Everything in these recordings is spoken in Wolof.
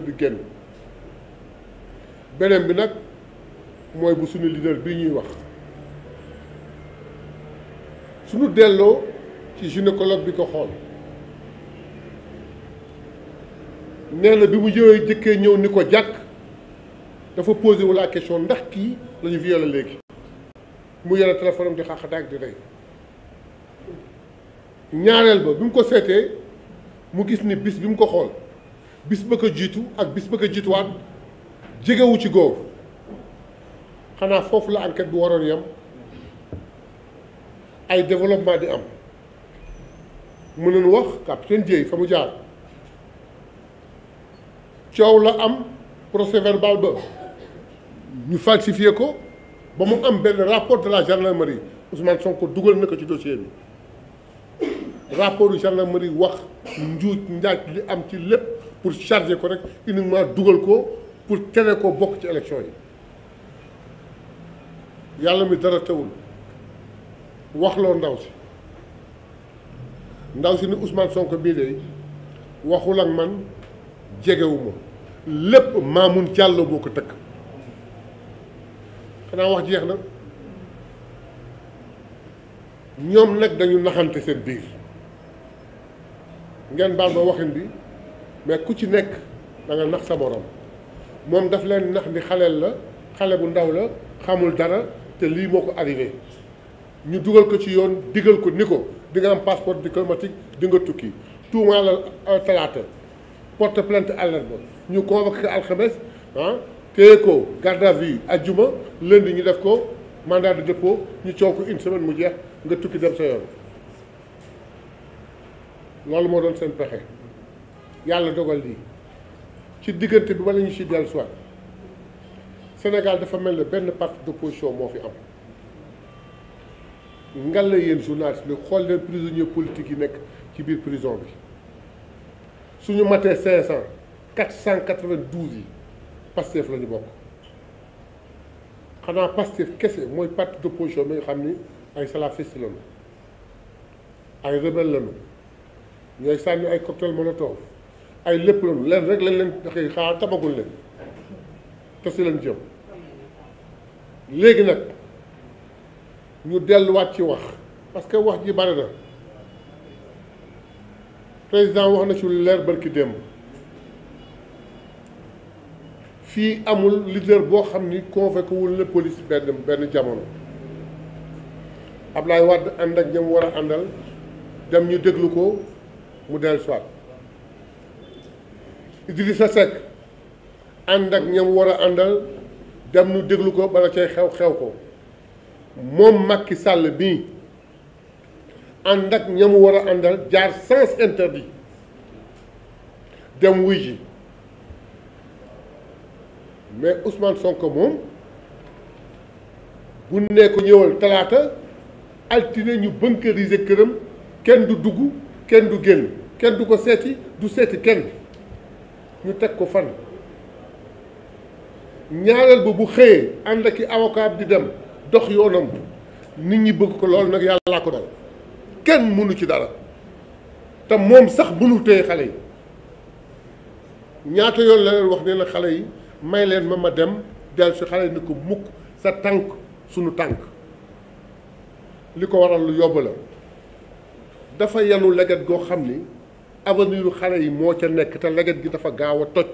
du génn beneen bi nag mooy bu suñu leader bi ñuy wax suñu delloo ci gynécologue bi ko xool nee na bi mu jëwee jëkkee ñëw ni ko jàkk dafa posé wu la question ndax kii lañu ñu violé léegi mu yore téléphone am di xaaxataak di rey ñaareel ba bi mu ko seetee mu gis ni bis bi mu ko xool bis ba jiitu ak bis ba jiituwaat jegewu ci góor xanaa foofu la enquête bu waroon yam ay développement di am mën nañu wax capitaine Dièye fa mu jaar coow la am procès verbal ba ñu falsifié ko ba mu am benn rapport de la gendarmerie Ousmane Sonko dugal na ko ci dossier bi rapport yu gendarmerie wax njuuj njaaj li am ci lépp pour charger ko rek uniquement dugal ko pour tere ko bokk ci élection yi yàlla mi dara tawul waxloo ndaw si ndaw si ni Ousmane Sonko bii de waxul ak man jegewuma lépp Mamoun Diallo boo ko tëkk xanaa wax jeex na ñoom nag dañu naxante seen biir ngeen baal ma waxin bi mais ku ci nekk da nax sa morom moom daf leen nax ni xaleel la xale bu ndaw la xamul dara te lii moo ko arrivé ñu dugal ko ci yoon diggal ko ni ko di nga am passeport diplomatique di nga tukki tuumaa la talaata porte plainte àllarba ñu convoqué alxames ah téye ko garde à vue ajjuma lundi ñu def ko mandat de dépôt ñu coow ko une semaine mu jeex nga tukki dem sa yoon loolu moo doon seen pexe. yàlla dogal lii ci diggante bi wala ñu si dellu soit Sénégal dafa mel ne benn parti d'opposition moo fi am ngal la yéen journaliste bi xool leen prisonnier politique yi nekk ci biir prison bi suñu matee cinq cent quatre cent quatre-vingt-douze yi Pastef la ñu bokk xanaa Pastef kese mooy parti d'opposition bi nga xam ni ay salafiste lañu ay rebelle lañu ñooy sànni ay cocktail molotov ay lépp loolu leen rek lañ leen xëy xaar tabagul leen te si leen jëm léegi nag ñu delluwaat ci wax parce que wax ji bari na président wax na ci leer bërki démb fii amul leader boo xam ni convoqué wul na police benn benn jamono Ablaye Wade ànd ak ñam war a àndal dem ñu déglu ko mu dellusiwaat Idrissa sa ànd ak ñam war a àndal dem nu déglu ko bala cay xew xew ko moom Macky Sall bii ànd ak ñamu war a àndal jaar sens interdit dem wuy ji mais Ousmane Sonko moom bu ko ñëwal talaata altine ñu bunkeriser këram kenn du dugg kenn du génn kenn du ko seeti du seeti kenn ñu teg ko fan ñaareel ba bu xëyee ànd ak i avocat di dem dox yoonam nit ñi bëgg ko lool nag yàlla ko dal kenn mënu ci dara te moom sax mënu téye xale yi ñaata yoon la leen wax ne la xale yi may leen ma ma dem del si xale yi ni ko mukk sa tànk sunu tànk li ko waral lu yóbbu la dafa yenu leget goo xam ni avenir xale yi moo ca nekk te leget gi dafa gaaw a toj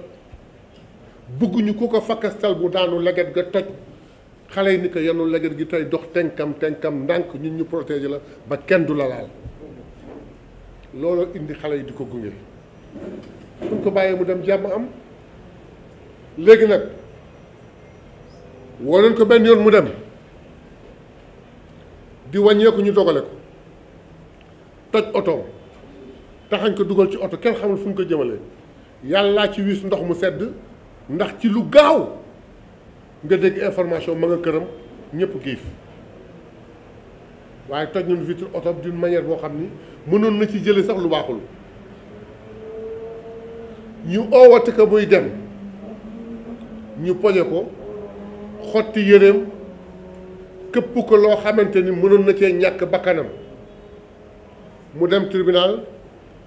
bëgguñu ku ko fakkastal bu daanu leget ga toj xale yi ni ko yenu leget gi tey dox tenkam tenkam ndànk ñun ñu protéger la ba kenn du la laal loolu indi xale yi di ko gunge suñ ko bàyyee mu dem jàmm am léegi nag woo leen ko benn yoon mu dem di wàññeeku ñu dogale ko toj otoom taxañ ko dugal ci oto kenn xamul fu ñu ko jëmale yàllaa ci wiis ndox mu sedd ndax ci lu gaaw nga dégg information ma nga këram ñëpp giif waaye toj nañu vitre oto d'une manière boo xam ni mënoon na ci jële sax lu baaxul ñu oowati ko muy dem ñu poñe ko xotti yëreem këpp ko loo xamante ni mënoon na cee ñàkk bakkanam mu dem tribunal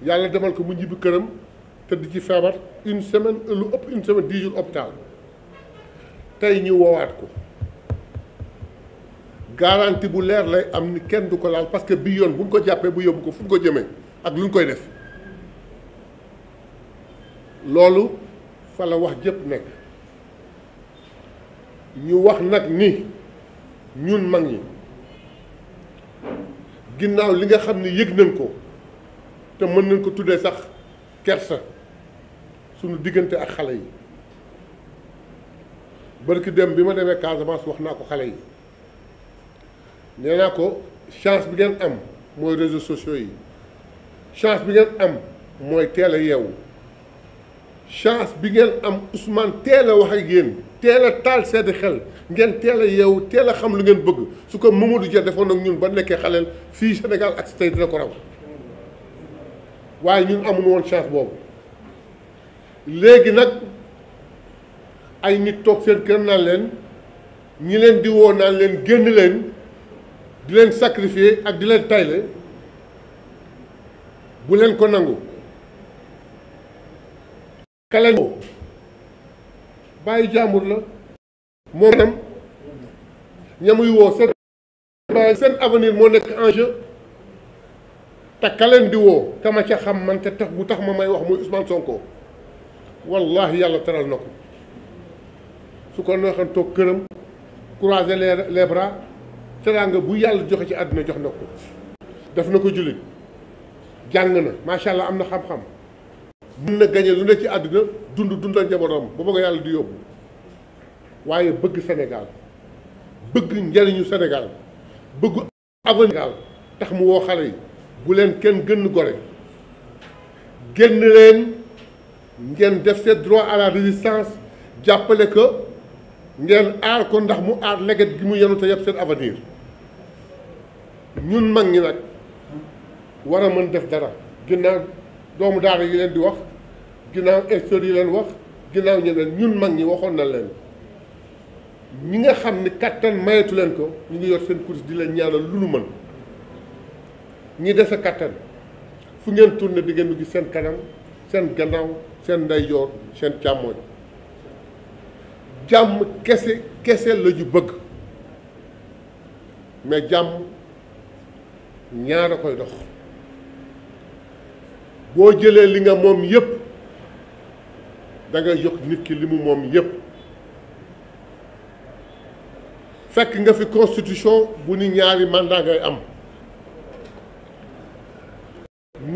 yàlla demal ko mu ñibbi këram tëdd ci feebar une semaine lu ëpp une semaine dix jours hôpital tey ñu woowaat ko garantie bu leer lay am ni kenn du ko laal parce que bi yoon bu ñu ko jàppee bu yóbbu ko fu mu ko jëmee ak lu ñu koy def loolu fa la wax jëpp nekk ñu wax nag ni ñun mag ñi ginnaaw li nga xam ni yëg nañ ko te mën nañ ko tuddee sax kersa suñu diggante ak xale yi barki dem bi ma demee Casamance wax naa ko xale yi nee naa ko chance bi ngeen am mooy réseaux sociaux yi chance bi ngeen am mooy teel a yeewu chance bi ngeen am Ousmane teel a wax ak yéen teel a taal seeti xel ngeen teel a yeewu teel a xam lu ngeen bëgg su ko Mamadou Dia defoon ak ñun ba nekkee xaleel fii Sénégal ak si tey dina ko raw waaye ñun amul woon chance boobu léegi nag ay nit toog seen kër naan leen ñi leen di woo leen génn leen di leen sacrifier ak di leen tayle bu leen ko nangu kaleen bàyyi jàmbur la moom tam ñamuy woo seen seen avenir moo nekk en jeu te ka leen di te ma ca xam man te tax bu tax ma may wax muy Ousmane Sonko wallahi yàlla teral na ko su ko neexoon toog këram croiser les les bras teraanga bu yàlla joxe ci àdduna jox na ko def na ko jullit jàng na macha allah am na xam-xam mun na gañe lu ne ci àdduna dund dundal njabootam ba bëgg yàlla di yóbbu waaye bëgg Sénégal bëgg njariñu Sénégal bëgg avenir tax mu woo xale yi bu leen kenn gën gore génn leen ngeen def seen droit à la résistance jàppale ko ngeen aar ko ndax mu aar leget gi mu yenu te yëpp seen avenir ñun mag ñi nag war a mën def dara ginnaaw doomu daara yi leen di wax ginnaaw insteurs yi leen wax ginnaaw ñeneen ñun mag ñi waxoon na leen ñi nga xam ni kattan mayetu leen ko ñu ngi yor seen course di leen ñaanal lu nu mën ñi dese kattan fu ngeen turne di ngeen gis seen kanam seen gannaaw seen ndeyjoor seen càmmooñ jàmm kese kese la ju bëgg mais jàmm ñaar a koy dox boo jëlee li nga moom yépp da nga jox nit ki li mu moom yépp fekk nga fi constitution bu ni ñaari mandat ngay am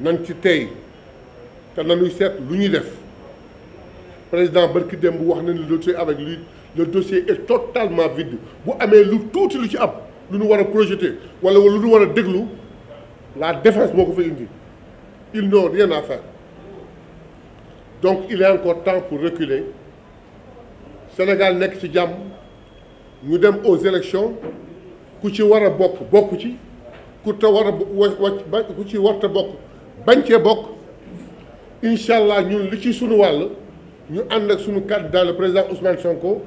nan ci tey te nanuy seet lu ñuy def président barki démb wax na ni dossier avec lui le dossier est totalement vide bu amee lu tuuti lu ci ab lu ñu war a projeté wala lu ñu war a déglu la défense moo ko fa indi ils n'ont rien à donc il est encore temps pour reculer Sénégal nekk ci jàmm ñu dem aux élections ku ci war a bokk bokk ci ku te war a wacc ku ci war bokk bañ cee bokk incha allah ñun li ci sunu wàll ñu ànd ak sunu candidat le président Ousmane Sonko.